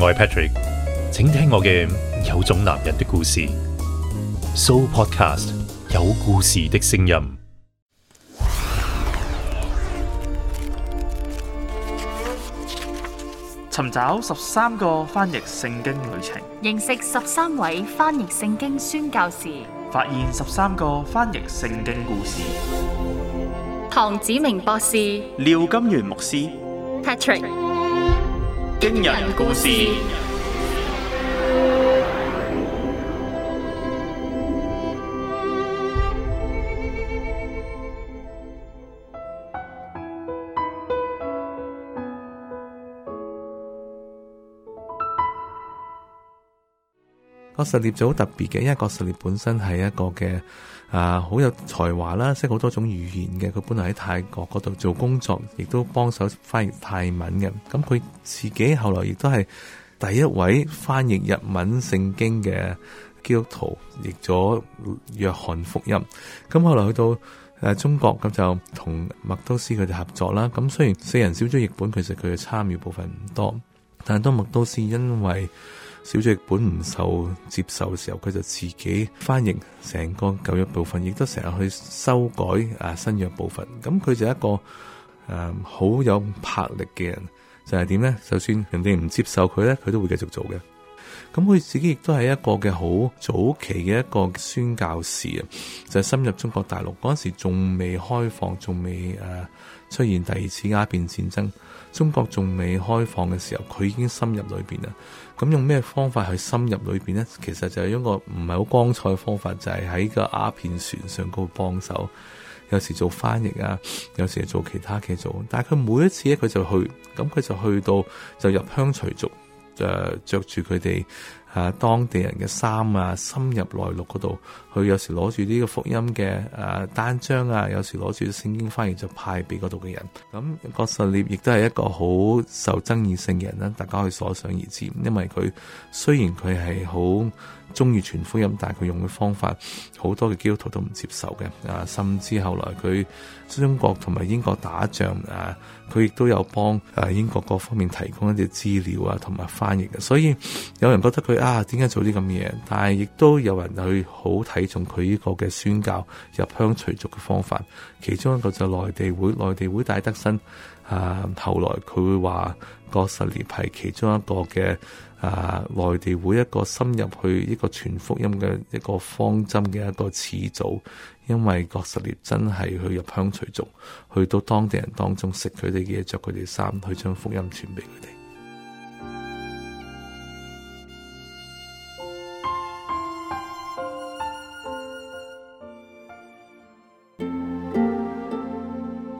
我係 Patrick，請聽我嘅有種男人的故事。So Podcast 有故事的聲音，尋找十三個翻譯聖經旅程，認識十三位翻譯聖經宣教士，發現十三個翻譯聖經故事。唐子明博士，廖金源牧師，Patrick。驚人故事。角石獵就好特別嘅，因為角石獵本身係一個嘅。啊，好有才華啦，識好多種語言嘅，佢本來喺泰國嗰度做工作，亦都幫手翻譯泰文嘅。咁佢自己後來亦都係第一位翻譯日文聖經嘅基督徒，譯咗約翰福音。咁後來去到誒中國，咁就同麥都斯佢哋合作啦。咁雖然四人小組譯本其實佢嘅參與部分唔多，但係當麥都斯因為，小說本唔受接受嘅時候，佢就自己翻譯成個舊約部分，亦都成日去修改啊新約部分。咁佢就係一個誒好、呃、有魄力嘅人，就係、是、點呢？就算人哋唔接受佢呢，佢都會繼續做嘅。咁佢自己亦都係一個嘅好早期嘅一個宣教士啊，就是、深入中國大陸嗰陣時，仲未開放，仲未誒出現第二次亞連戰爭，中國仲未開放嘅時候，佢已經深入裏邊啦。咁用咩方法去深入裏邊咧？其實就係一個唔係好光彩嘅方法，就係喺個鴉片船上嗰度幫手，有時做翻譯啊，有時做其他嘅做。但係佢每一次咧，佢就去，咁佢就去到就入鄉隨俗，誒著住佢哋。着着啊！當地人嘅衫啊，深入內陸嗰度，佢有時攞住呢個福音嘅誒單張啊，有時攞住聖經翻譯就派俾嗰度嘅人。咁葛十烈亦都係一個好受爭議性嘅人啦，啊，大家可以所想而知。因為佢雖然佢係好中意傳福音，但係佢用嘅方法，好多嘅基督徒都唔接受嘅，啊，甚至後來佢中國同埋英國打仗，啊，佢亦都有幫啊英國各方面提供一啲資料啊，同埋翻譯嘅。所以有人覺得佢啊，點解做啲咁嘅嘢？但係亦都有人去好睇重佢呢個嘅宣教入鄉隨俗嘅方法。其中一個就係內地會，內地會戴德生啊，後來佢會話嗰十年係其中一個嘅啊內地會一個深入去一個傳福音嘅一個方針嘅。一個始祖，因為郭實烈真係去入鄉隨俗，去到當地人當中，食佢哋嘅嘢，着佢哋衫，去將福音傳俾佢哋。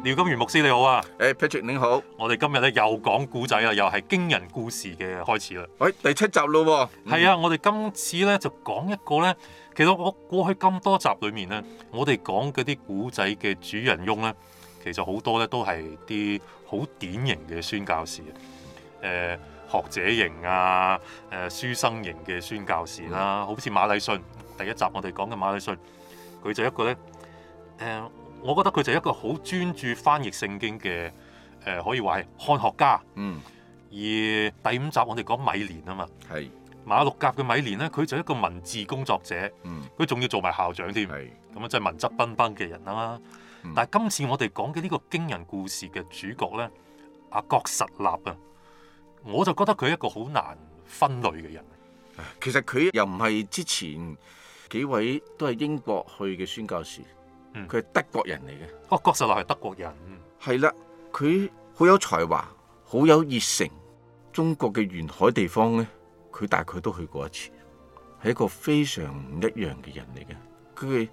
廖金源牧師你好啊，誒、hey, Patrick 你好，我哋今日咧又講古仔啦，又係驚人故事嘅開始啦。喂、哎，第七集咯，係、嗯、啊，我哋今次咧就講一個咧。其實我過去咁多集裏面呢，我哋講嗰啲古仔嘅主人翁呢，其實好多呢都係啲好典型嘅宣教士，誒、呃、學者型啊，誒、呃、書生型嘅宣教士啦，好似馬禮遜第一集我哋講嘅馬禮遜，佢就一個呢，誒、呃、我覺得佢就一個好專注翻譯聖經嘅，誒、呃、可以話係漢學家，嗯，而第五集我哋講米連啊嘛，係。馬六甲嘅米廉呢，佢就一個文字工作者，佢仲、嗯、要做埋校長添，咁啊是，真係文質彬彬嘅人啦。嗯、但係今次我哋講嘅呢個驚人故事嘅主角呢，阿、啊、郭實立啊，我就覺得佢係一個好難分類嘅人。其實佢又唔係之前幾位都係英國去嘅宣教士，佢係德國人嚟嘅。阿、嗯哦、郭實立係德國人，係啦，佢好有才華，好有熱誠。中國嘅沿海地方呢。佢大概都去過一次，係一個非常唔一樣嘅人嚟嘅。佢嘅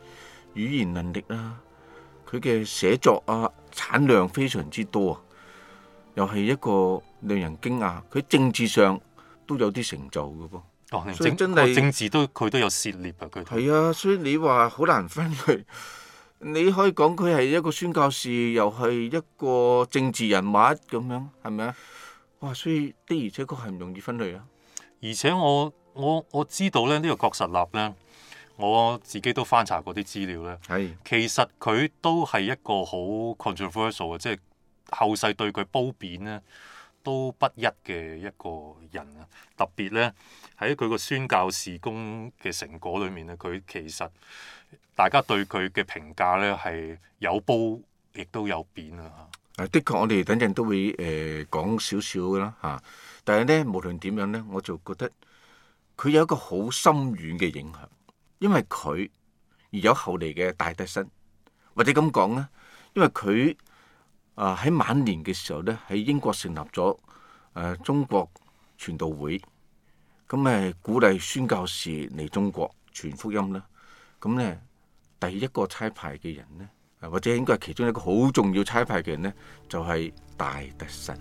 語言能力啦、啊，佢嘅寫作啊產量非常之多啊，又係一個令人驚訝。佢政治上都有啲成就嘅噃、啊。哦，政治，政治都佢都有涉獵啊。佢係啊，所以你話好難分類。你可以講佢係一個宣教士，又係一個政治人物咁樣，係咪啊？哇！所以的而且確係唔容易分類啊。而且我我我知道咧，呢、這個郭實臘咧，我自己都翻查過啲資料咧。係的其實佢都係一個好 controversial 嘅，即係後世對佢褒貶咧都不一嘅一個人啊。特別咧喺佢個宣教事工嘅成果裏面咧，佢其實大家對佢嘅評價咧係有褒亦都有貶啊。誒，的確，我哋等陣都會誒講少少噶啦嚇。呃但係咧，無論點樣咧，我就覺得佢有一個好深遠嘅影響，因為佢而有後嚟嘅戴德生，或者咁講咧，因為佢啊喺晚年嘅時候咧，喺英國成立咗誒、呃、中國傳道會，咁、嗯、誒鼓勵宣教士嚟中國傳福音啦。咁、嗯、咧、嗯，第一個差派嘅人咧，或者應該係其中一個好重要差派嘅人咧，就係、是、戴德生。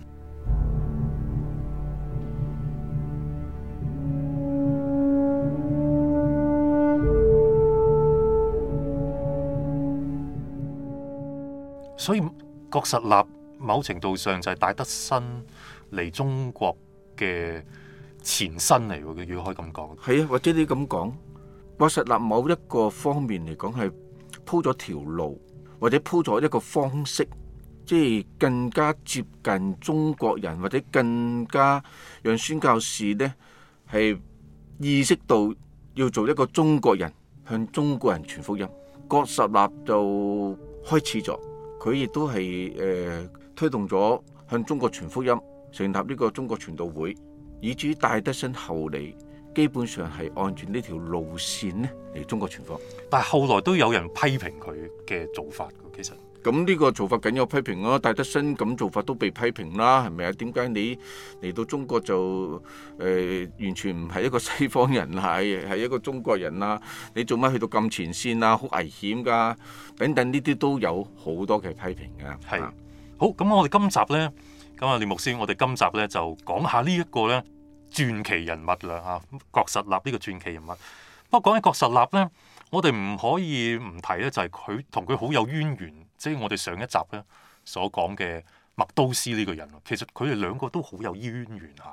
所以郭實立某程度上就係戴德生嚟中國嘅前身嚟，如果可以咁講，係啊，或者你咁講，郭實立某一個方面嚟講係鋪咗條路，或者鋪咗一個方式，即係更加接近中國人，或者更加讓宣教士呢係意識到要做一個中國人，向中國人傳福音。郭實立就開始咗。佢亦都係誒推動咗向中國傳福音，成立呢個中國傳道會，以至於戴德生後嚟，基本上係按住呢條路線咧嚟中國傳教。但係後來都有人批評佢嘅做法嘅，其實。咁呢個做法梗有批評咯、啊，戴德生咁做法都被批評啦，係咪啊？點解你嚟到中國就誒、呃、完全唔係一個西方人啦，係係一個中國人啦？你做乜去到咁前線啦、啊啊啊？好危險噶！等等呢啲都有好多嘅批評嘅。係好咁，我哋今集呢，咁啊，聶牧師，我哋今集呢就講下呢一個呢傳奇人物啦嚇、啊，郭實立呢個傳奇人物。不過講起郭實立呢，我哋唔可以唔提呢，就係佢同佢好有淵源。即係我哋上一集咧所講嘅麥都斯呢個人，其實佢哋兩個都好有淵源下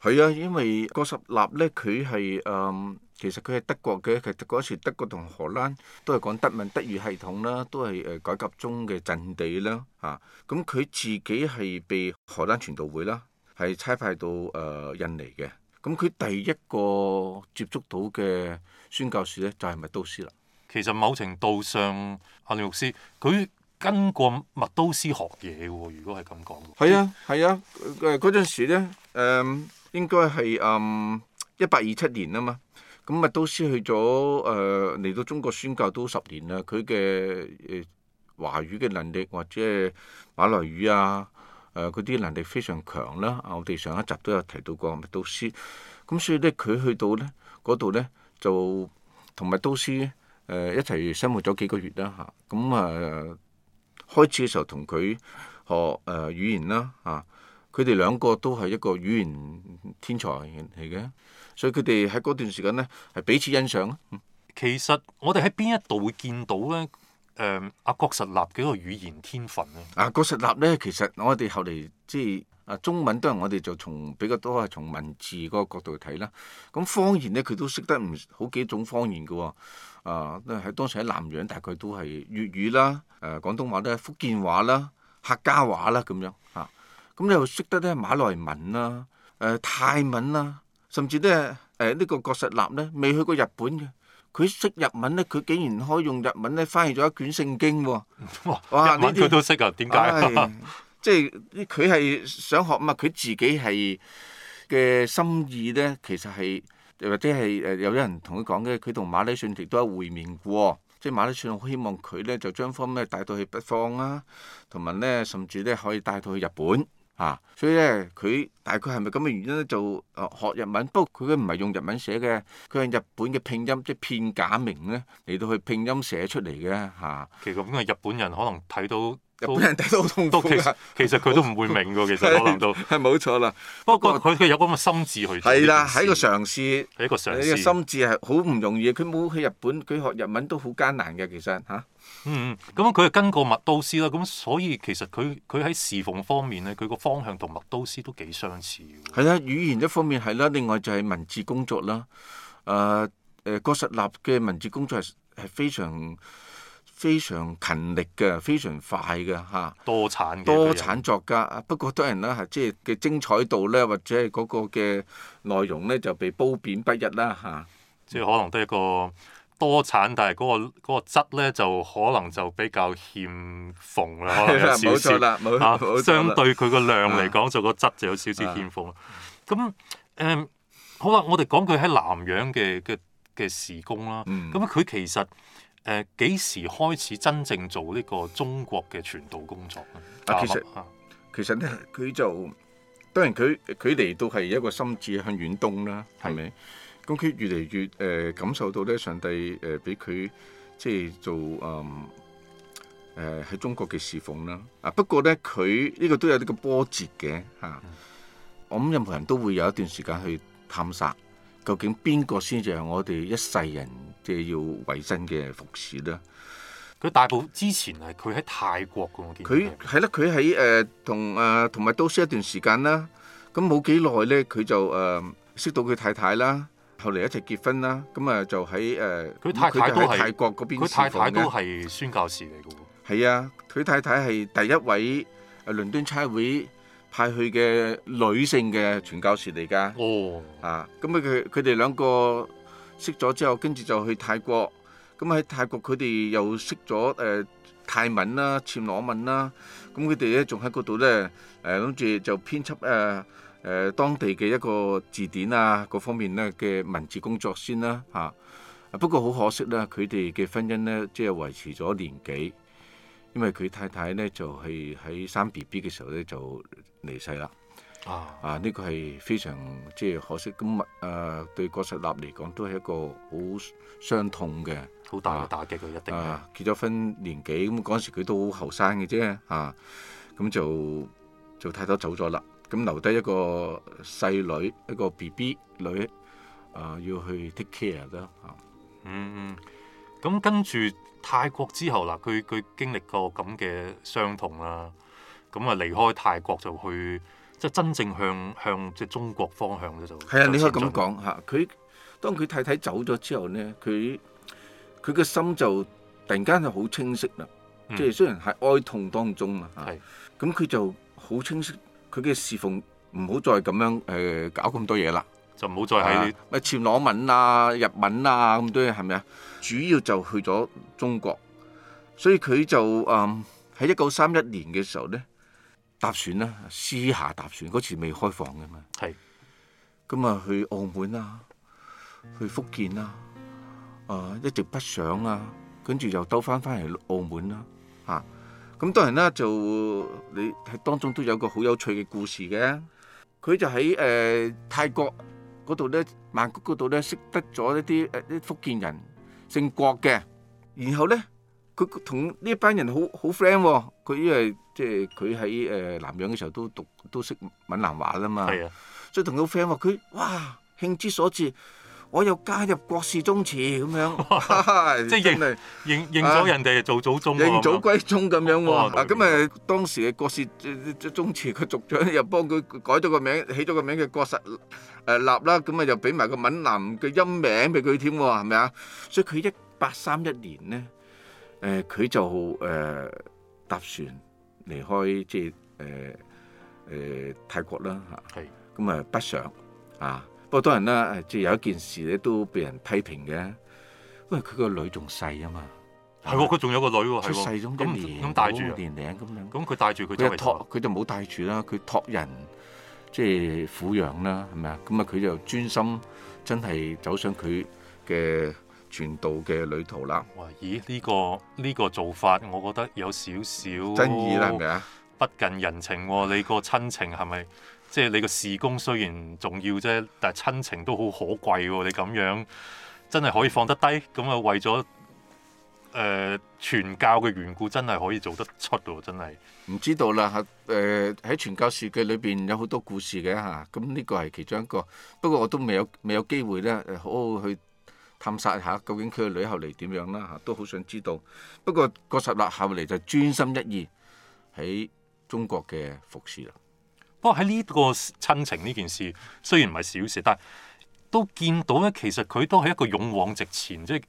嘅。係啊，因為郭十納咧，佢係誒，其實佢係德國嘅。其實嗰時德國同荷蘭都係講德文德語系統啦，都係誒改革中嘅陣地啦。嚇、啊，咁佢自己係被荷蘭傳道會啦，係差派到誒、呃、印尼嘅。咁佢第一個接觸到嘅宣教士咧，就係、是、麥都斯啦。其實某程度上，阿廖玉師佢跟過麥都斯學嘢喎。如果係咁講，係啊係啊。誒嗰陣時咧，誒、嗯、應該係誒一八二七年啊嘛。咁麥都斯去咗誒嚟到中國宣教都十年啦。佢嘅誒華語嘅能力或者馬來語啊誒嗰啲能力非常強啦。我哋上一集都有提到過麥都斯。咁所以咧，佢去到咧嗰度咧就同麥都斯，誒、呃、一齊生活咗幾個月啦嚇，咁啊開始嘅時候同佢學誒、呃、語言啦嚇，佢、啊、哋兩個都係一個語言天才嚟嘅，所以佢哋喺嗰段時間咧係彼此欣賞啊。嗯、其實我哋喺邊一度會見到咧誒阿郭實立嘅嗰個語言天分咧？阿郭、啊、實立咧，其實我哋後嚟即係。啊，中文都係我哋就從比較多係從文字嗰個角度去睇啦。咁方言咧，佢都識得唔好幾種方言㗎喎。啊、呃，都喺當時喺南洋，大概都係粵語啦，誒、呃、廣東話啦、福建話啦、客家話啦咁樣嚇。咁、啊、你又識得咧馬來文啦、啊、誒、呃、泰文啦、啊，甚至咧誒呢、呃這個郭實臘咧未去過日本嘅，佢識日文咧，佢竟然可以用日文咧翻譯咗一卷聖經喎、啊。哇！日文佢都識啊？點解？ 即係，佢係想學嘛？佢自己係嘅心意咧，其實係或者係誒有啲人同佢講嘅，佢同馬利順亦都有會面過。即係馬利順好希望佢咧就將方咩帶到去北方啊，同埋咧甚至咧可以帶到去日本嚇、啊。所以咧佢大概係咪咁嘅原因咧就誒學日文？不過佢唔係用日文寫嘅，佢係日本嘅拼音，即係片假名咧嚟到去拼音寫出嚟嘅嚇。啊、其實嗰邊嘅日本人可能睇到。俾人睇到好痛苦啦。其實佢都唔會明㗎，其實我諗到。係冇錯啦。 錯不過佢佢有咁嘅心智去睇，係啦，係一個嘗試。係一個嘗試。個心智係好唔容易，佢冇去日本，佢學日文都好艱難嘅。其實吓，咁佢又跟過麥都思啦。咁所以其實佢佢喺侍奉方面咧，佢個方向同麥都思都幾相似。係啦，語言一方面係啦，另外就係文字工作啦。誒、呃、誒，郭、呃、實立嘅文字工作係係非常。非常勤力嘅，非常快嘅嚇，多產嘅多產作家。不過當然啦，係即係嘅精彩度咧，或者係嗰個嘅內容咧，就被褒貶不一啦嚇。即係可能都係一個多產，但係嗰個嗰個質咧就可能就比較欠奉啦，可能有少少。冇錯啦，冇錯啦，相對佢個量嚟講，就個質就有少少欠奉。咁誒好啦，我哋講佢喺南洋嘅嘅嘅時工啦。咁佢其實。誒，幾、呃、時開始真正做呢個中國嘅傳道工作咧？啊，其實其實咧，佢就當然佢佢嚟到係一個心志向遠東啦，係咪是？咁佢越嚟越誒、呃、感受到咧，上帝誒俾佢即係做誒誒喺中國嘅侍奉啦。啊，不過咧佢呢、這個都有呢個波折嘅吓。啊嗯、我諗任何人都會有一段時間去探索，究竟邊個先至係我哋一世人。即係要維新嘅服侍啦。佢大埔之前係佢喺泰國嘅，我見佢係啦。佢喺誒同啊同埋都識一段時間啦。咁冇幾耐咧，佢就誒、呃、識到佢太太啦。後嚟一齊結婚啦。咁、嗯、啊就喺誒佢太太都、嗯、泰國嗰邊，佢太太都係宣教士嚟嘅喎。係啊，佢太太係第一位啊，倫敦差會派去嘅女性嘅傳教士嚟噶。哦，哦啊，咁啊佢佢哋兩個。識咗之後，跟住就去泰國。咁喺泰國，佢哋又識咗誒泰文啦、暹羅文啦、啊。咁佢哋咧仲喺嗰度咧，誒諗住就編輯誒誒、呃、當地嘅一個字典啊，各方面咧嘅文字工作先啦嚇、啊。不過好可惜啦，佢哋嘅婚姻咧即係維持咗年幾，因為佢太太咧就係喺生 B B 嘅時候咧就離世啦。Uh, 啊 Hence, años,！啊，呢個係非常即係可惜咁啊。對郭實立嚟講，都係一個好傷痛嘅好大嘅打擊。佢一定啊結咗婚年紀咁嗰陣時，佢都好後生嘅啫啊。咁就就太多走咗啦。咁留低一個細女一個 B B 女啊，要去 take care 啦嚇、嗯。嗯 ago, pr Kristen 嗯，咁跟住泰國之後啦，佢佢經歷過咁嘅傷痛啦，咁啊離開泰國就去。即係真正向向即係中國方向咧就係啊！你可以咁講嚇，佢當佢太太走咗之後咧，佢佢嘅心就突然間就好清晰啦。嗯、即係雖然係哀痛當中是啊，咁佢就好清晰。佢嘅侍奉唔好再咁樣誒、呃、搞咁多嘢啦，就唔好再喺咩暹羅文啊、日文啊咁多嘢係咪啊？主要就去咗中國，所以佢就嗯喺一九三一年嘅時候咧。搭船啦、啊，私下搭船嗰次未開放嘅嘛，係咁啊去澳門啊，去福建啦、啊，啊、呃、一直不想啊，跟住又兜翻翻嚟澳門啦、啊，嚇咁當然啦，就你喺當中都有個好有趣嘅故事嘅，佢就喺誒、呃、泰國嗰度咧，曼谷嗰度咧識得咗一啲誒啲福建人姓郭嘅，然後咧。佢同呢一班人好好 friend 喎，佢因、哦、為即係佢喺誒南洋嘅時候都讀都識閩南話啦嘛，啊、所以同到 friend 喎，佢哇興之所至，我又加入郭氏宗祠咁樣，哇哈哈即係認的認認咗人哋做祖宗、啊啊，認祖歸宗咁樣喎、啊，嗱咁誒當時嘅郭氏宗祠佢族長又幫佢改咗個名，起咗個名叫郭實誒、呃、立啦，咁啊又俾埋個閩南嘅音名俾佢添喎，係、啊、咪啊，啊，啊，啊，啊，啊，啊？所以佢一八三一年呢。誒佢、呃、就誒、呃、搭船離開即係誒誒泰國啦嚇，咁啊不想啊。不過當然啦、嗯，即仲有一件事咧都被人批評嘅，因為佢、啊哦、個女仲細啊嘛。係佢仲有個女喎，出世咗一年咁年零咁樣，咁佢帶住佢就託佢就冇帶住啦，佢託人即係撫養啦，係咪啊？咁啊佢就專心真係走上佢嘅。傳道嘅旅途啦。哇！咦？呢、呢個呢、呢個做法，我覺得有少少爭議啦，係咪啊？哦、是不是不近人情喎、哦！你個親情係咪？即係你個事工雖然重要啫，但係親情都好可貴喎、哦！你咁樣真係可以放得低咁啊？嗯、為咗誒傳教嘅緣故，真係可以做得出喎、哦！真係唔知道啦嚇。誒喺傳教史嘅裏邊有好多故事嘅嚇。咁、啊、呢個係其中一個，不過我都未有未有機會咧，誒好好去。探察下究竟佢個女後嚟點樣啦嚇，都好想知道。不過郭實立後嚟就專心一意喺中國嘅服侍啦。不過喺呢個親情呢件事，雖然唔係小事，但係都見到咧，其實佢都係一個勇往直前。即係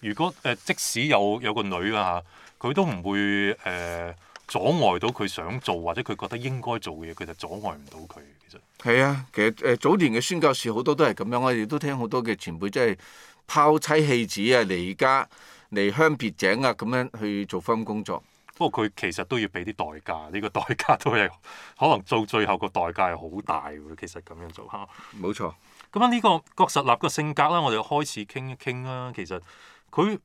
如果誒，即使有有個女啊嚇，佢都唔會誒阻礙到佢想做或者佢覺得應該做嘅嘢，佢就阻礙唔到佢。其實係啊，其實誒早年嘅宣教士好多都係咁樣，我哋都聽好多嘅前輩即係。拋妻棄子啊，離家離鄉別井啊，咁樣去做番工作。不過佢其實都要俾啲代價，呢、這個代價都係可能做最後個代價係好大。其實咁樣做吓，冇錯錯。咁樣呢個郭實立個性格啦，我哋開始傾一傾啦。其實佢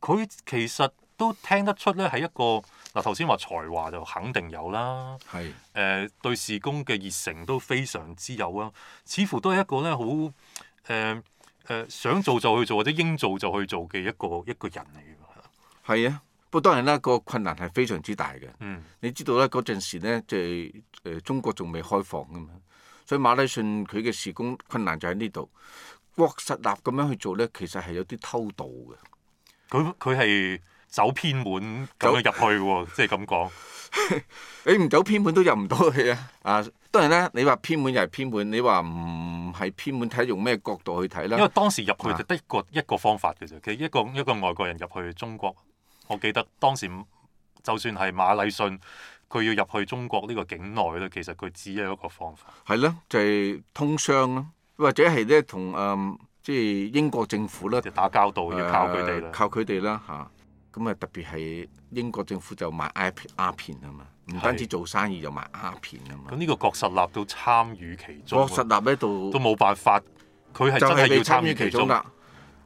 佢其實都聽得出咧，係一個嗱，頭先話才華就肯定有啦。係誒是、呃，對事工嘅熱誠都非常之有啊。似乎都係一個咧，好、呃、誒。誒、呃、想做就去做，或者應做就去做嘅一個一個人嚟㗎，係啊！不過當然啦，這個困難係非常之大嘅。嗯、你知道啦，嗰陣時咧，即係誒中國仲未開放㗎嘛，所以馬拉遜佢嘅施工困難就喺呢度，國實立咁樣去做咧，其實係有啲偷渡嘅。佢佢係。走偏門咁樣入去喎， 即係咁講。 你唔走偏門都入唔到去啊！啊，當然啦，你話偏門又係偏門，你話唔係偏門，睇用咩角度去睇啦。因為當時入去就一個、啊、一個方法嘅啫，其實一個一個外國人入去中國，我記得當時就算係馬禮遜，佢要入去中國呢個境內咧，其實佢只有一個方法。係咯、啊，就係、是、通商啦，或者係咧同誒即係英國政府就打交道要靠佢哋、呃，靠佢哋啦嚇。啊。咁啊，特別係英國政府就賣鴉片啊嘛，唔單止做生意就賣的鴉片啊嘛。咁呢個郭實立都參與其中。郭實立呢度都冇辦法，佢係真係要參與其中㗎、啊。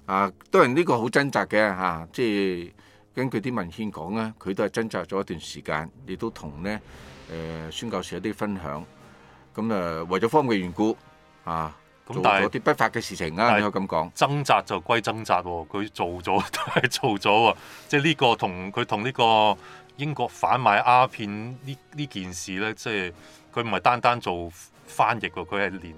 啊，當然呢個好掙扎嘅嚇，即係根據啲文獻講咧，佢都係掙扎咗一段時間，亦都同咧誒宣教士一啲分享。咁啊，為咗方便嘅緣故啊。咁、嗯、但係啲不法嘅事情啊，應該咁講。掙扎就歸掙扎喎、哦，佢做咗都係做咗喎。即係呢個同佢同呢個英國販賣鴉片呢呢件事咧，即係佢唔係單單做翻譯喎，佢係連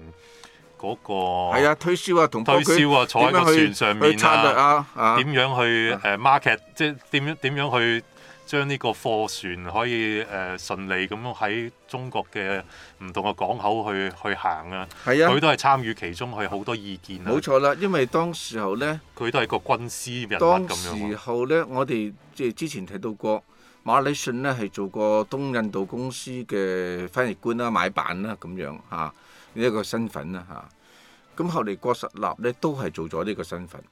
嗰、嗰個係啊推銷啊同推銷啊坐喺個船上面啊，點、啊、樣去誒 market 即係點樣點樣去。將呢個貨船可以誒、呃、順利咁樣喺中國嘅唔同嘅港口去去行啊！佢都係參與其中，佢好多意見啦、啊。冇錯啦，因為當時候咧，佢都係個軍師人物咁樣。時候咧，我哋即係之前提到過，馬禮遜咧係做過東印度公司嘅翻譯官啦、買辦啦、啊、咁樣嚇呢一個身份啦嚇。咁、啊、後嚟郭實立咧都係做咗呢個身份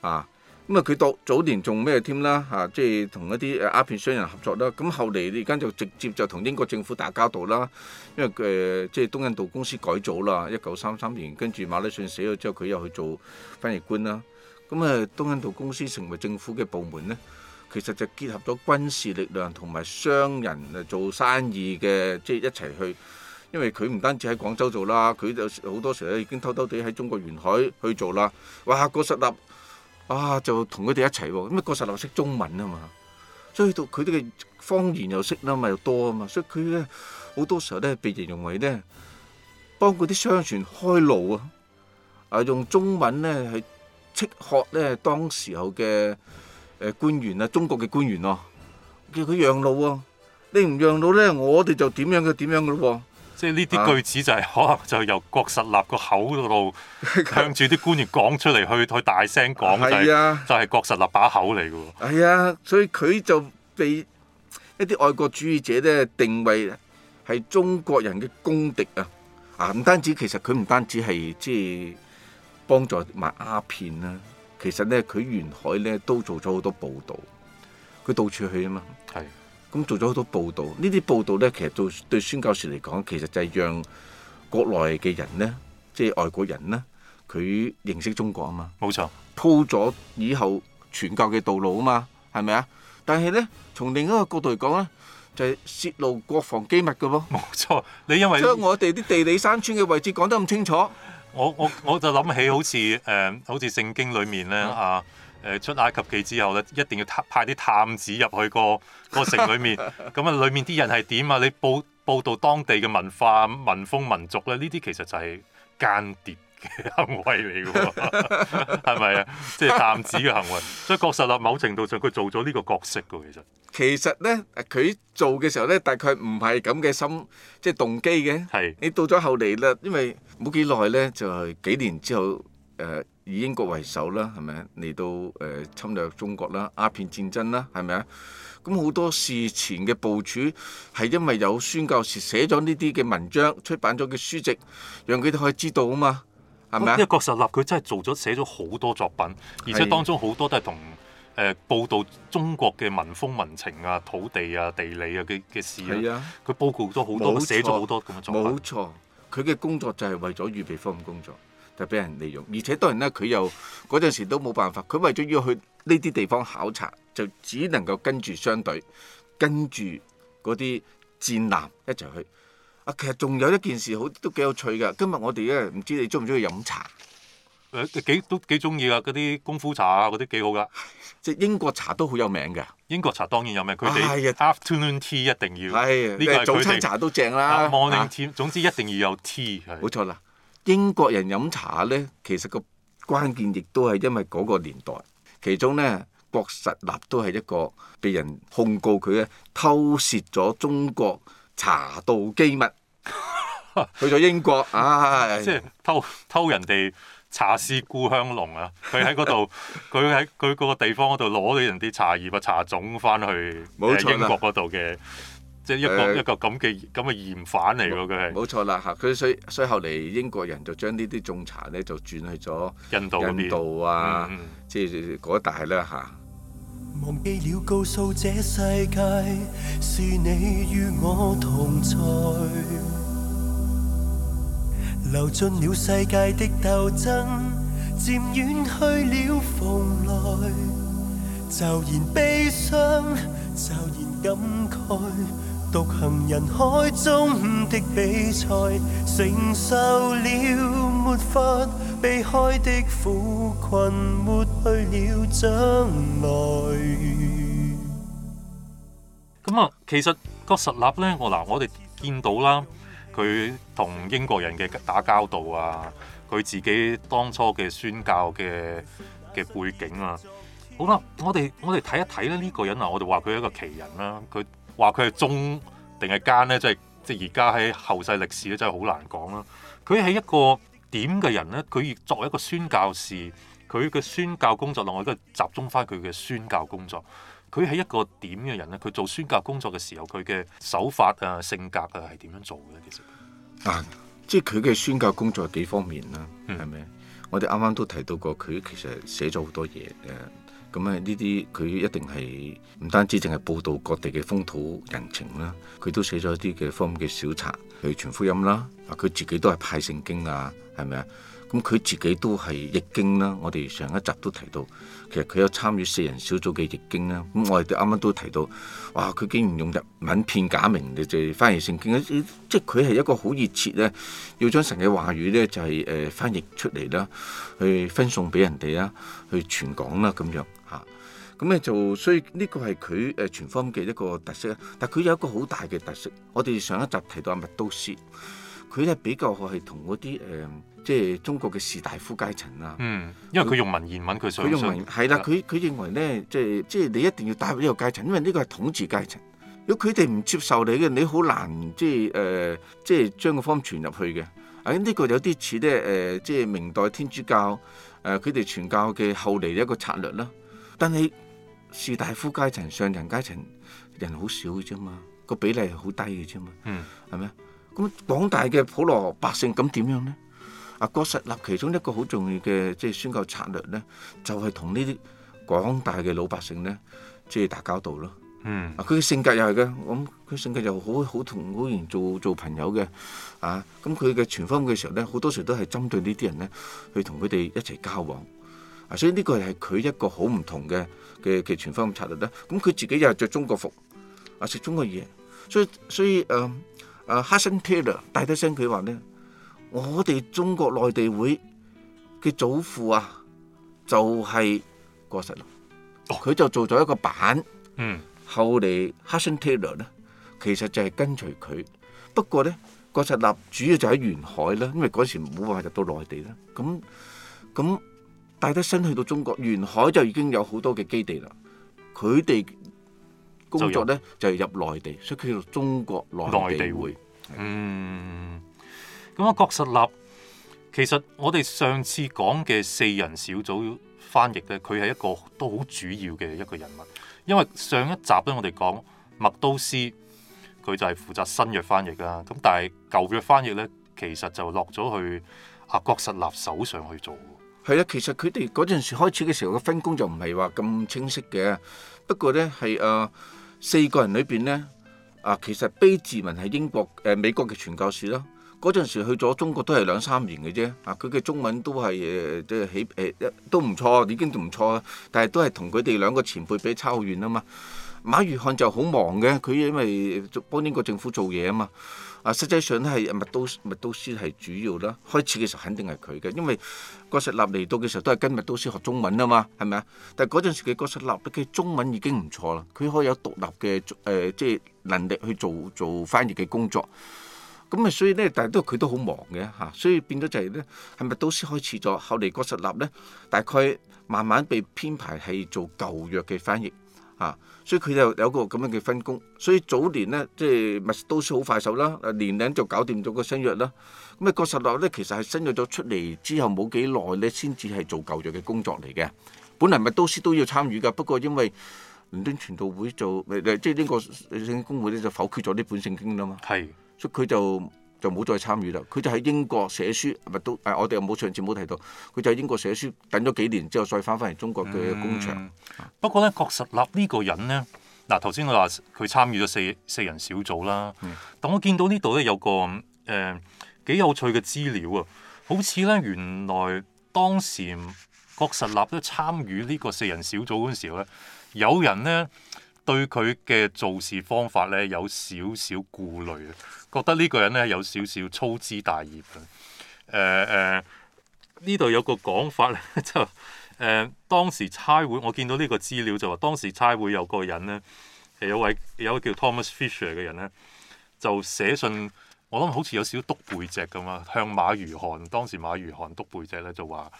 啊。咁啊！佢到早年仲咩添啦？嚇，即係同一啲鴉片商人合作啦。咁、啊、後嚟你而家就直接就同英國政府打交道啦。因為誒、呃，即係東印度公司改組啦，一九三三年。跟住馬禮遜死咗之後，佢又去做翻譯官啦。咁啊，東印度公司成為政府嘅部門咧，其實就結合咗軍事力量同埋商人誒做生意嘅，即係一齊去。因為佢唔單止喺廣州做啦，佢就好多時咧已經偷偷地喺中國沿海去做啦。哇！個實力～啊，就同佢哋一齊喎。咁啊，確實又識中文啊嘛，所以佢哋嘅方言又識啦，咪又多啊嘛。所以佢咧好多時候咧被形容為咧幫嗰啲商船開路啊，啊用中文咧去斥喝咧當時候嘅誒官員啊，中國嘅官員啊，叫佢讓路啊。你唔讓路咧，我哋就點樣嘅點樣嘅咯。即係呢啲句子就係可能就由郭實立個口度向住啲官員講出嚟，去去大聲講， 係啊、就係郭實立把口嚟嘅喎。係啊，所以佢就被一啲愛國主義者咧定位係中國人嘅公敵啊！啊，唔單止，其單止、就係，其實佢唔單止係即係幫助埋阿片啦，其實咧佢沿海咧都做咗好多報導，佢到處去啊嘛。係。咁做咗好多報導，呢啲報導咧，其實對對宣教士嚟講，其實就係讓國內嘅人咧，即係外國人咧，佢認識中國啊嘛，冇錯，鋪咗以後傳教嘅道路啊嘛，係咪啊？但係咧，從另一個角度嚟講咧，就係泄露國防機密嘅噃，冇錯。你因為將我哋啲地理山川嘅位置講得咁清楚，我我我就諗起好似誒，好似聖經裡面咧啊。誒出埃及記之後咧，一定要派啲探子入去個個城裏面，咁啊，裏面啲人係點啊？你報報導當地嘅文化、民風、民族咧，呢啲其實就係間諜嘅行為嚟嘅喎，係咪啊？即係探子嘅行為，所以確實啦，某程度上佢做咗呢個角色嘅其實。其實咧，佢做嘅時候咧，大概唔係咁嘅心，即係動機嘅。係。你到咗後嚟啦，因為冇幾耐咧，就係幾年之後。誒以英國為首啦，係咪嚟到誒侵略中國啦、鴉片戰爭啦，係咪啊？咁好多事前嘅部署係因為有宣教士寫咗呢啲嘅文章、出版咗嘅書籍，讓佢哋可以知道啊嘛，係咪啊？呢，郭實立佢真係做咗寫咗好多作品，而且當中好多都係同誒報導中國嘅民風民情啊、土地啊、地理啊嘅嘅事啊。佢報告咗好多，寫咗好多咁嘅作品。冇錯，佢嘅工作就係為咗預備方工作。就俾人利用，而且當然啦，佢又嗰陣時都冇辦法，佢為咗要去呢啲地方考察，就只能夠跟住商隊，跟住嗰啲戰艦一齊去。啊，其實仲有一件事好都幾有趣㗎。今日我哋咧，唔知你鍾唔鍾意飲茶？誒幾都幾鍾意呀，嗰啲功夫茶啊，嗰啲幾好㗎。即係英國茶都好有名嘅。英國茶當然有名，佢哋 Afternoon Tea 一定要。係、哎呀，呢個早餐茶都正啦。Morning Tea、啊、總之一定要有 tea 係。冇錯啦。英國人飲茶咧，其實個關鍵亦都係因為嗰個年代，其中咧郭實立都係一個被人控告佢咧偷竊咗中國茶道機密，去咗英國，唉、哎， 即係偷偷人哋茶絲菇香濃啊！佢喺嗰度，佢喺佢嗰個地方嗰度攞咗人啲茶葉、茶種翻去英國嗰度嘅。即係一個一個咁嘅咁嘅嫌犯嚟喎，佢係冇錯啦嚇。佢所所以後嚟英國人就將呢啲種茶咧就轉去咗印度咁度啊，即係嗰一帶咧嚇。忘記了告訴這世界，是你與我同在。流盡了世界的鬥爭，漸遠去了蓬萊。驟然悲傷，驟然感慨。獨行人海中的比賽，承受了沒法避開的苦困，抹去了將來。咁啊，其實個實立呢，我嗱，我哋見到啦，佢同英國人嘅打交道啊，佢自己當初嘅宣教嘅嘅背景啊，好啦，我哋我哋睇一睇咧呢個人啊，我哋話佢係一個奇人啦，佢。話佢係忠定係奸咧？即係即係而家喺後世歷史咧，真係好難講啦。佢係一個點嘅人咧？佢作為一個宣教士，佢嘅宣教工作另外一個集中翻佢嘅宣教工作。佢係一個點嘅人咧？佢做宣教工作嘅時候，佢嘅手法啊、性格啊係點樣做嘅？其實但、啊、即係佢嘅宣教工作係幾方面啦，係咪、嗯？我哋啱啱都提到過，佢其實寫咗好多嘢嘅。咁啊！呢啲佢一定係唔單止淨係報導各地嘅風土人情啦，佢都寫咗一啲嘅方嘅小冊去傳福音啦。啊，佢自己都係派聖經啊，係咪啊？咁佢自己都係譯經啦。我哋上一集都提到，其實佢有參與四人小組嘅譯經啦。咁我哋啱啱都提到，哇！佢竟然用日文片假名嚟嚟、就是、翻譯聖經，即係佢係一個好熱切咧，要將神嘅話語咧就係誒翻譯出嚟啦，去分送俾人哋啦，去傳講啦咁樣。咁咧就所以呢個係佢誒傳方嘅一個特色啦。但佢有一個好大嘅特色，我哋上一集提到阿麥都斯，佢咧比較係同嗰啲誒，即係中國嘅士大夫階層啊。嗯，因為佢用文言文，佢想他。佢用文係啦，佢佢認為咧，即係即係你一定要打入呢個階層，因為呢個係統治階層。如果佢哋唔接受你嘅，你好難即係誒、呃、即係將個方傳入去嘅。誒、啊、呢、這個有啲似咧誒，即係明代天主教誒佢哋傳教嘅後嚟一個策略啦。但係士大夫階層、上層階層人好少嘅啫嘛，個比例係好低嘅啫嘛，係咪？咁廣大嘅普羅百姓咁點樣咧？阿，國實立其中一個好重要嘅即係宣教策略咧，就係同呢啲廣大嘅老百姓咧，即係打交道咯。嗯、啊，佢嘅性格又係嘅，咁佢性格又好好同好易做做朋友嘅啊。咁佢嘅傳福音嘅時候咧，好多時候都係針對呢啲人咧，去同佢哋一齊交往。所以呢個係佢一個好唔同嘅嘅嘅傳福音策略啦。咁佢自己又著中國服，啊食中國嘢，所以所以誒誒，Hudson Taylor 戴德生，佢話咧：我哋中國內地會嘅祖父啊，就係郭實臘，佢就做咗一個板。嗯，後嚟 Hudson Taylor 咧，其實就係跟隨佢。不過咧，郭實臘主要就喺沿海啦，因為嗰時冇辦法入到內地啦。咁咁。戴德生去到中國，沿海就已經有好多嘅基地啦。佢哋工作呢就入，就入內地，所以佢叫做中國內地會。地會的嗯，咁阿郭實立，其實我哋上次講嘅四人小組翻譯呢，佢係一個都好主要嘅一個人物，因為上一集呢，我哋講麥都斯，佢就係負責新約翻譯啊。咁但係舊約翻譯呢，其實就落咗去阿郭實立手上去做。係啦，其實佢哋嗰陣時開始嘅時候嘅分工就唔係話咁清晰嘅。不過咧係啊，四個人裏邊咧啊，其實裨治文係英國誒、呃、美國嘅傳教士啦。嗰陣時去咗中國都係兩三年嘅啫。啊，佢嘅中文都係誒即係起誒都唔錯，已經唔錯。但係都係同佢哋兩個前輩比差好遠啊嘛。馬儒翰就好忙嘅，佢因為幫英國政府做嘢啊嘛。啊，實際上都係麥都麥都斯係主要啦。開始嘅時候肯定係佢嘅，因為郭實立嚟到嘅時候都係跟麥都斯學中文啊嘛，係咪啊？但係嗰陣時嘅郭實立嘅中文已經唔錯啦，佢可以有獨立嘅誒、呃，即係能力去做做翻譯嘅工作。咁啊，所以咧，但係都佢都好忙嘅嚇，所以變咗就係、是、咧，係麥都斯開始咗。後嚟郭實立咧大概慢慢被編排係做舊約嘅翻譯。啊，所以佢就有一個咁樣嘅分工，所以早年咧即係密斯都斯好快手啦，年齡就搞掂咗個新約啦。咁、那、啊、個，郭實獵咧其實係新約咗出嚟之後冇幾耐咧，先至係做舊約嘅工作嚟嘅。本嚟密斯都斯都要參與噶，不過因為倫敦傳道會就即係呢個聖經公會咧就否決咗呢本聖經啦嘛。係是，所以佢就。就冇再參與啦。佢就喺英國寫書，咪都誒、啊，我哋又冇上次冇提到。佢就喺英國寫書，等咗幾年之後再翻翻嚟中國嘅工場。嗯、不過咧，郭實立呢個人咧，嗱頭先我話佢參與咗四四人小組啦。嗯、但我見到呢度咧有個誒幾、呃、有趣嘅資料啊，好似咧原來當時郭實立都參與呢個四人小組嗰陣時候咧，有人咧。對佢嘅做事方法呢，有少少顧慮，覺得呢個人呢，有少少粗枝大葉啊。誒、呃、誒，呢、呃、度有個講法呢，就誒、呃、當時差會，我見到呢個資料就話，當時差會有個人呢，係有位有個叫 Thomas Fisher 嘅人呢，就寫信，我諗好似有少少督背脊咁啊，向馬如漢。當時馬如漢督背脊呢，就話呢、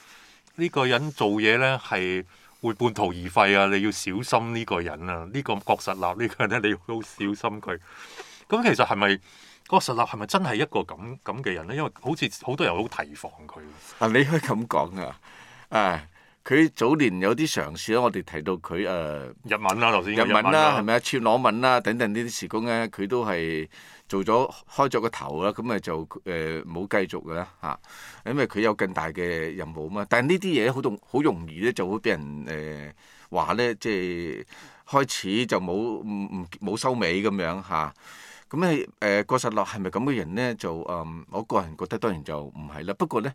呢個人做嘢呢，係。會半途而廢啊！你要小心呢個人啊，呢、這個郭實立呢個人咧、啊，你要好小心佢。咁其實係咪郭實立係咪真係一個咁咁嘅人咧？因為好似好多人好提防佢。啊，你可以咁講啊！誒、啊，佢早年有啲嘗試咧，我哋提到佢誒、呃、日文啦、啊，頭先日文啦，係咪啊，暹羅文啦、啊啊，等等呢啲時工咧、啊，佢都係。做咗開咗個頭啦，咁咪就誒冇、呃、繼續啦嚇、啊，因為佢有更大嘅任務啊嘛。但係呢啲嘢好容好容易咧，就會俾人誒話咧，即係開始就冇唔唔冇收尾咁樣嚇。咁咧誒郭實落係咪咁嘅人咧？就誒、呃，我個人覺得當然就唔係啦。不過咧，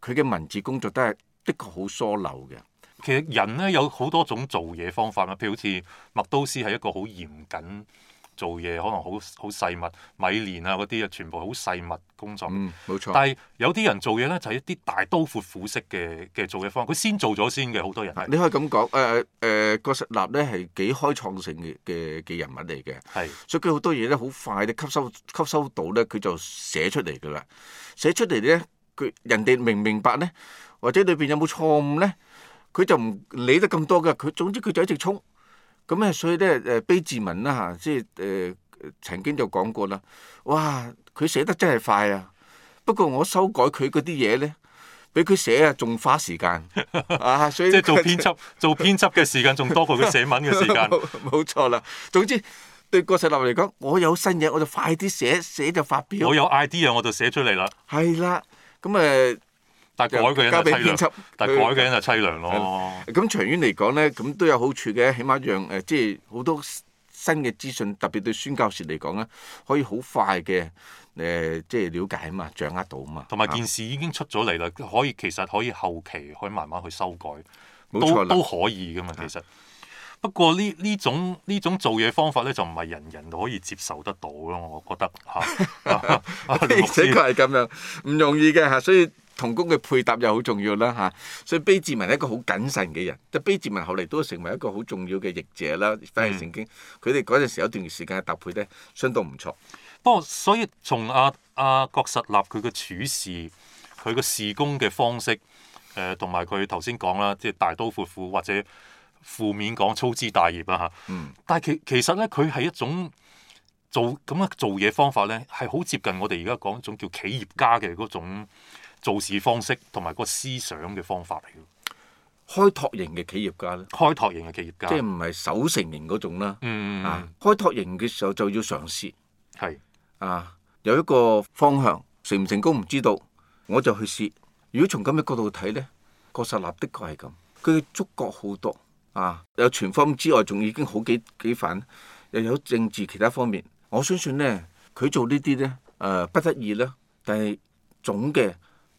佢嘅文字工作都係的確好疏漏嘅。其實人咧有好多種做嘢方法啊，譬如好似麥都斯係一個好嚴謹。做嘢可能好好細密，米綿啊嗰啲啊，全部好細密，工作。嗯，冇錯。但係有啲人做嘢咧，就係、是、一啲大刀闊斧、斧式嘅嘅做嘢方法。佢先做咗先嘅，好多人。你可以咁講誒誒郭實立咧係幾開創性嘅嘅嘅人物嚟嘅。係是。所以佢好多嘢咧好快啲吸收吸收到咧，佢就寫出嚟㗎啦。寫出嚟咧，佢人哋明唔明白咧？或者裏邊有冇錯誤咧？佢就唔理得咁多㗎。佢總之佢就一直衝。咁咧、嗯，所以咧，誒，碑志文啦嚇，即係誒曾經就講過啦。哇，佢寫得真係快啊！不過我修改佢嗰啲嘢咧，畀佢寫啊仲花時間啊，所以 即係做編輯， 做編輯嘅時間仲多過佢寫文嘅時間。冇錯啦。總之對郭世立嚟講，我有新嘢我就快啲寫，寫就發表。我有 idea 我就寫出嚟啦。係啦，咁、嗯、誒。嗯嗯嗯嗯嗯嗯嗯但改嘅人就凄涼，但改嘅人就凄涼咯。咁、嗯、長遠嚟講咧，咁都有好處嘅，起碼讓誒、呃、即係好多新嘅資訊，特別對孫教授嚟講咧，可以好快嘅誒、呃、即係了解啊嘛，掌握到啊嘛。同埋件事已經出咗嚟啦，啊、可以其實可以後期可以慢慢去修改，都都可以噶嘛。其實、啊、不過呢呢種呢種做嘢方法咧，就唔係人人都可以接受得到咯。我覺得嚇，的確係咁樣，唔笑笑 容易嘅嚇，所以。同工嘅配搭又好重要啦吓、啊，所以裨治文係一個好謹慎嘅人，但裨治文後嚟都成為一個好重要嘅譯者啦，反而曾經，佢哋嗰陣時有段時間嘅搭配咧，相當唔錯。嗯、不過，所以從阿、啊、阿、啊、郭實立佢嘅處事，佢嘅事工嘅方式，誒同埋佢頭先講啦，即係、就是、大刀闊斧或者負面講粗枝大葉啊。嚇、啊。但係其其實咧，佢係一種做咁樣做嘢方法咧，係好接近我哋而家講一種叫企業家嘅嗰種，做事方式同埋個思想嘅方法嚟嘅，開拓型嘅企業家咧，開拓型嘅企業家，即係唔係守成型嗰種啦。嗯，開拓型嘅時候就要嘗試。係是啊，有一個方向成唔成功唔知道，我就去試。如果從咁嘅角度睇咧，郭實立的確係咁，佢觸角好多啊，有全方之外，仲已經好幾幾反，又有政治其他方面。我相信咧，佢做呢啲咧，誒、呃、不得意啦，但係總嘅。.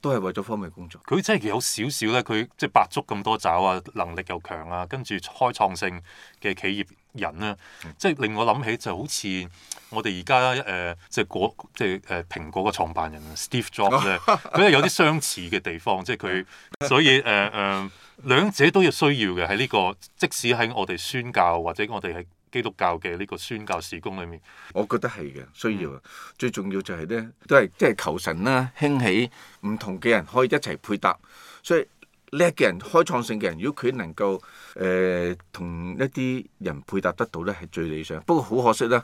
都係為咗方便工作。佢真係有少少咧，佢即係百足咁多爪啊，能力又強啊，跟住開創性嘅企業人咧，即係令我諗起就好似我哋而家誒，即係果即係誒蘋果嘅創辦人啊 Steve Jobs 咧，佢係有啲相似嘅地方，即係佢，所以誒誒，兩者都要需要嘅喺呢個，即使喺我哋宣教或者我哋係。基督教嘅呢個宣教事工裏面，我覺得係嘅，需要。嗯、最重要就係咧，都係即係求神啦、啊，興起唔同嘅人可以一齊配搭，所以叻嘅人、開創性嘅人，如果佢能夠誒同、呃、一啲人配搭得到咧，係最理想。不過好可惜啦，誒、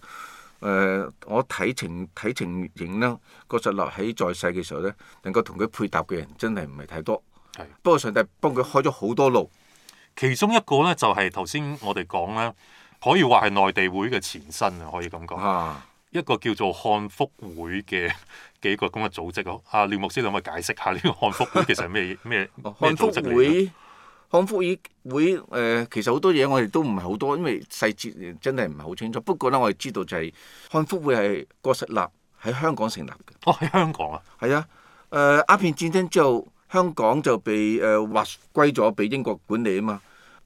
呃、我睇情睇情形啦，郭實立喺在，在世嘅時候咧，能夠同佢配搭嘅人真係唔係太多。係的。不過上帝幫佢開咗好多路，其中一個咧就係頭先我哋講啦。可以話係內地會嘅前身啊，可以咁講。啊、一個叫做漢福會嘅幾個咁嘅組織咯。啊，廖牧師，你可唔可以解釋下呢個漢福會其實係咩嘢？咩嘢組織？漢福會，漢福會，誒、呃，其實好多嘢我哋都唔係好多，因為細節真係唔係好清楚。不過咧，我哋知道就係漢福會係郭實立喺香港成立嘅。喎喺、哦、香港啊？係啊。誒、呃，鴉片戰爭之後，香港就被誒劃、呃、歸咗俾英國管理啊嘛。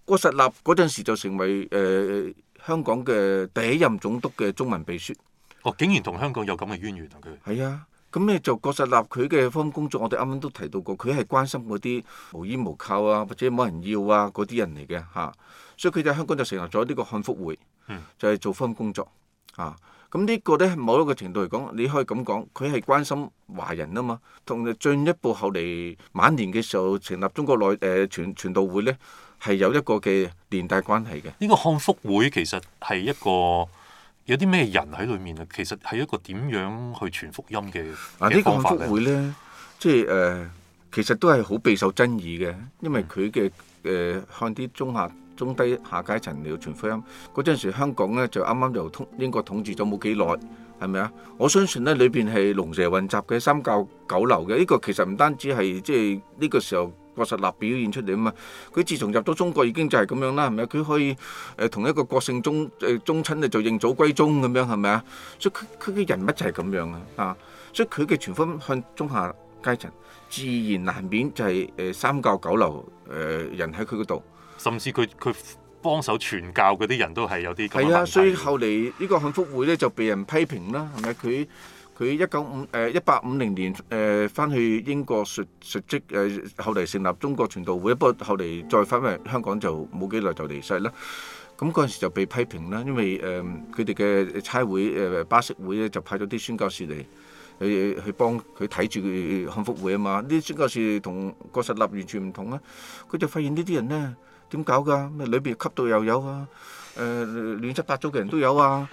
郭實立嗰陣時就成為誒、呃呃香港嘅第一任總督嘅中文秘書，哦，竟然同香港有咁嘅淵源啊！佢係啊，咁咧就郭實立佢嘅方工作，我哋啱啱都提到過，佢係關心嗰啲無依無靠啊，或者冇人要啊嗰啲人嚟嘅嚇，所以佢喺香港就成立咗呢個漢福會，嗯、就係做方工作啊。咁呢個咧某一個程度嚟講，你可以咁講，佢係關心華人啊嘛。同進一步後嚟晚年嘅時候成立中國內誒傳傳道會咧。係有一個嘅連帶關係嘅。呢個漢福會其實係一個有啲咩人喺裏面啊？其實係一個點樣去傳福音嘅啊？這個、福呢個漢福會咧，即係誒，其實都係好備受爭議嘅，因為佢嘅誒看啲中下中低下階層嚟到傳福音。嗰陣時香港咧就啱啱由統英國統治咗冇幾耐，係咪啊？我相信咧裏邊係龍蛇混雜嘅、三教九流嘅。呢、這個其實唔單止係即係呢個時候。國實力表現出嚟啊嘛，佢自從入咗中國已經就係咁樣啦，係咪？佢可以誒、呃、同一個國姓宗誒宗親咧就認祖歸宗咁樣，係咪啊？所以佢佢嘅人物就係咁樣啊，所以佢嘅傳風向中下階層，自然難免就係、是、誒、呃、三教九流誒、呃、人喺佢嗰度，甚至佢佢幫手傳教嗰啲人都係有啲係啊，所以後嚟呢個幸福會咧就被人批評啦，係咪佢？佢一九五誒一八五零年誒翻、呃、去英國述述職誒、呃，後嚟成立中國傳道會，不過後嚟再翻翻香港就冇幾耐就離世啦。咁嗰陣時就被批評啦，因為誒佢哋嘅差會誒、呃、巴色會咧就派咗啲宣教士嚟去去幫佢睇住佢幸福會啊嘛。呢啲宣教士同個實立完全唔同啊。佢就發現呢啲人咧點搞㗎？咪裏邊吸毒又有啊！誒、呃、亂七八糟嘅人都有啊！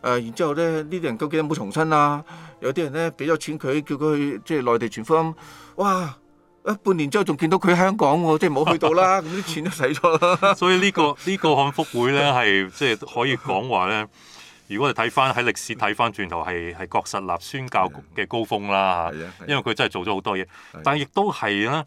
誒、呃、然之後咧呢啲人究竟有冇重生啊？有啲人咧俾咗錢佢，叫佢去即係內地傳福音哇！啊半年之後仲見到佢喺香港喎，即係冇去到啦，咁啲 錢都使咗啦。 所以呢、呢個呢、呢個漢福會咧，係即係可以講話咧。如果你睇翻喺歷史睇翻轉頭，係係郭實立宣教局嘅高峰啦。係、啊啊啊、因為佢真係做咗好多嘢，啊啊、但亦都係咧誒，佢、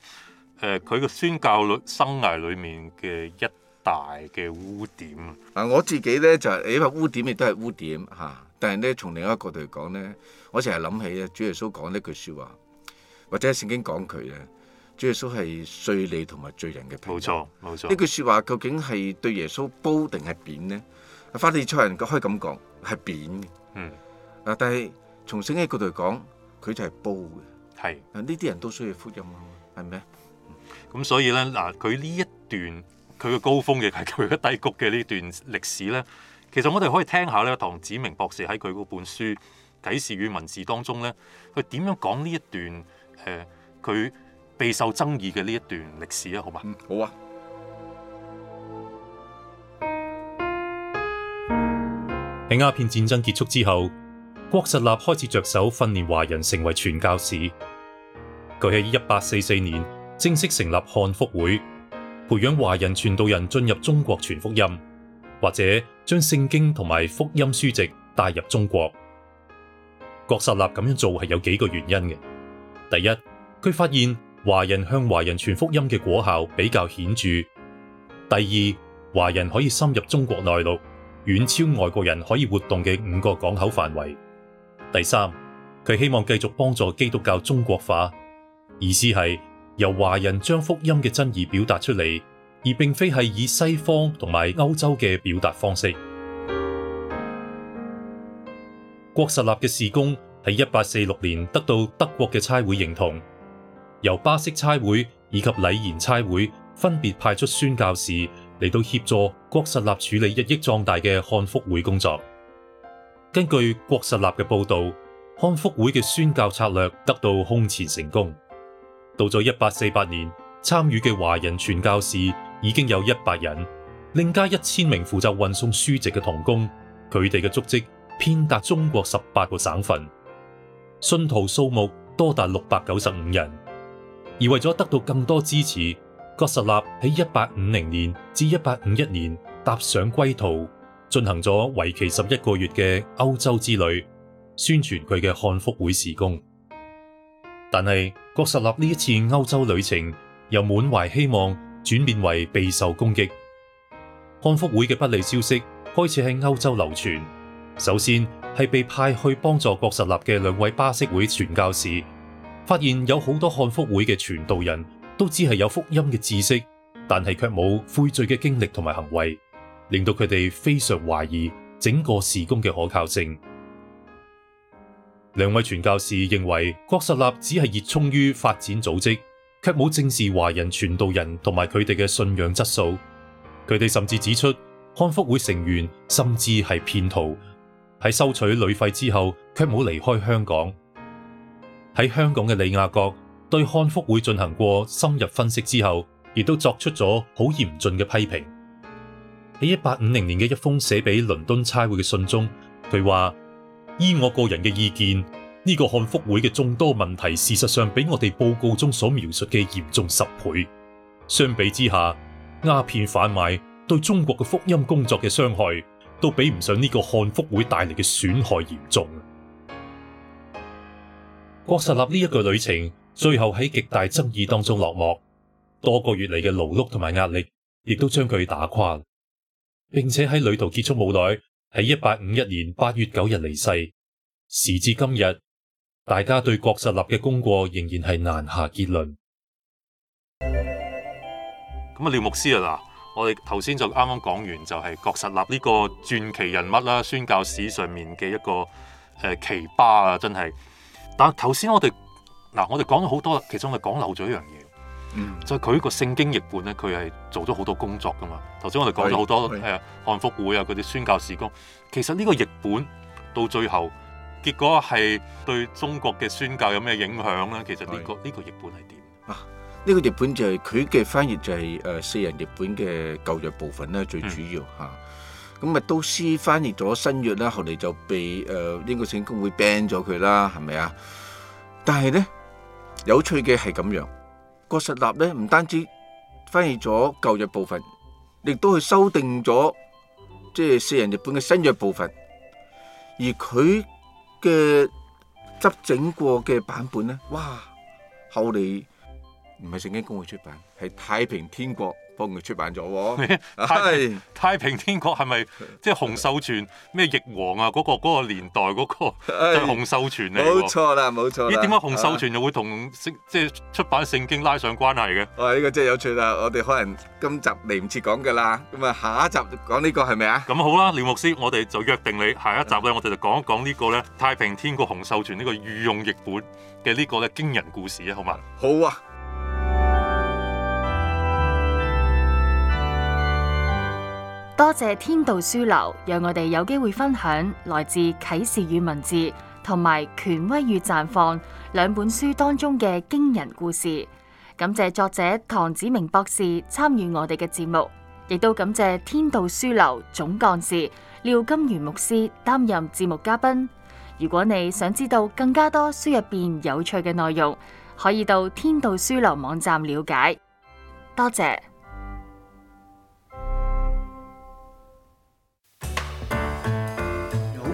呃、嘅宣教生涯裏面嘅一大嘅污、啊、污，污點。啊，我自己咧就誒污點亦都係污點嚇，但係咧從另一個角度嚟講咧。我成日諗起咧，主耶穌講呢句説話，或者聖經講佢咧，主耶穌係稅吏同埋罪人嘅。冇錯，冇錯。呢句説話究竟係對耶穌褒定係貶咧？法利賽人可可以咁講係貶嘅，嗯，但係從聖經角度嚟講，佢就係褒嘅。係呢啲人都需要福音啊，係咪？咁所以咧嗱，佢呢一段佢嘅高峯亦係，佢嘅低谷嘅呢段歷史咧，其實我哋可以聽下咧。唐子明博，博士喺佢嗰本書，啟示與文字當中咧，佢點樣講呢一段？誒，佢備受爭議嘅呢一段歷史啊，好嘛？好啊。喺鴉片戰爭結束之後，郭實立開始着手訓練華人成為傳教士。佢喺一八四四年正式成立漢福會，培養華人傳道人進入中國傳福音，或者將聖經同埋福音書籍帶入中國。郭實臘咁樣做係有幾個原因嘅。第一，佢發現華人向華人傳福音嘅果效比較顯著；第二，華人可以深入中國內陸，遠超外國人可以活動嘅五個港口範圍；第三，佢希望繼續幫助基督教中國化，意思係由華人將福音嘅真義表達出嚟，而並非係以西方同埋歐洲嘅表達方式。郭實立嘅事工喺一八四六年得到德國嘅差會認同，由巴色差會以及禮賢差會分別派出宣教士嚟到協助郭實立處理日益壯大嘅漢福會工作。根據郭實立嘅報道，漢福會嘅宣教策略得到空前成功。到咗一八四八年，參與嘅華人傳教士已經有一百人，另加一千名負責運送書籍嘅同工，佢哋嘅足跡。偏達中國十八個省份，信徒數目多達六百九十五人。而為咗得到更多支持，郭實立喺一八五零年至一八五一年踏上歸途，進行咗為期十一個月嘅歐洲之旅，宣傳佢嘅漢福會事工。但係郭實立呢一次歐洲旅程由滿懷希望轉變為備受攻擊，漢福會嘅不利消息開始喺歐洲流傳。首先係被派去幫助郭實立嘅兩位巴色會傳教士，發現有好多漢福會嘅傳道人都只係有福音嘅知識，但係卻冇悔罪嘅經歷同埋行為，令到佢哋非常懷疑整個事工嘅可靠性。兩位傳教士認為郭實立只係熱衷於發展組織，卻冇正視華人傳道人同埋佢哋嘅信仰質素。佢哋甚至指出，漢福會成員甚至係騙徒。喺收取旅費之後，卻冇離開香港。喺香港嘅李亞國對漢福會進行過深入分析之後，亦都作出咗好嚴峻嘅批評。喺一八五零年嘅一封寫俾倫敦差會嘅信中，佢話：「依我個人嘅意見，呢、這個漢福會嘅眾多問題，事實上比我哋報告中所描述嘅嚴重十倍。相比之下，鴉片販賣對中國嘅福音工作嘅傷害，都比唔上呢個福漢會帶嚟嘅損害嚴重。郭實立呢一個旅程最後喺極大爭議當中落幕，多個月嚟嘅勞碌同埋壓力，亦都將佢打垮，並且喺旅途結束冇耐，喺一八五一年八月九日離世。時至今日，大家對郭實立嘅功過仍然係難下結論。咁啊，廖牧師啊嗱。我哋頭先就啱啱講完，就係郭實立呢個傳奇人物啦，宣教史上面嘅一個誒奇葩啊，真係。但係頭先我哋嗱，我哋講咗好多，其中係講漏咗一樣嘢，嗯、就係佢個聖經譯本咧，佢係做咗好多工作噶嘛。頭先我哋講咗好多，係啊對，呃、漢福會啊，嗰啲宣教事工。其實呢個譯本到最後結果係對中國嘅宣教有咩影響咧？其實呢、這個呢對個譯本係點？呢個日本就係佢嘅翻譯，就係誒四人日本嘅舊約部分咧，最主要嚇。咁啊，都試翻譯咗新約啦，後嚟就被誒英國聖公會 ban 咗佢啦，係咪啊？但係咧，有趣嘅係咁樣，郭實立咧唔單止翻譯咗舊約部分，亦都去修訂咗即係四人日本嘅新約部分，而佢嘅執整過嘅版本咧，哇！後嚟。唔係聖經公會出版，係太平天國幫佢出版咗喎。太平天國係咪即係洪秀全咩翼王啊？嗰、嗰個嗰個年代嗰個係洪秀全嚟？冇錯啦，冇錯。咦？點解洪秀全、啊、又會同即係出版聖經拉上關係嘅？係呢、哎呢個真係有趣啦！我哋可能今集嚟唔切講噶啦，咁啊下一集講呢個係咪啊？咁好啦，廖牧師，我哋就約定你下一集咧，我哋就講一講個呢個咧太平天國洪秀全呢個御用譯本嘅呢個咧驚人故事啊，好嘛？好啊！多謝天道書樓，讓我哋有機會分享來自《啟示與文字》同埋《權威與綻放》兩本書當中嘅驚人故事。感謝作者唐子明博士參與我哋嘅節目，亦都感謝天道書樓總幹事廖金如牧師擔任節目嘉賓。如果你想知道更加多書入邊有趣嘅內容，可以到天道書樓網站了解。多謝。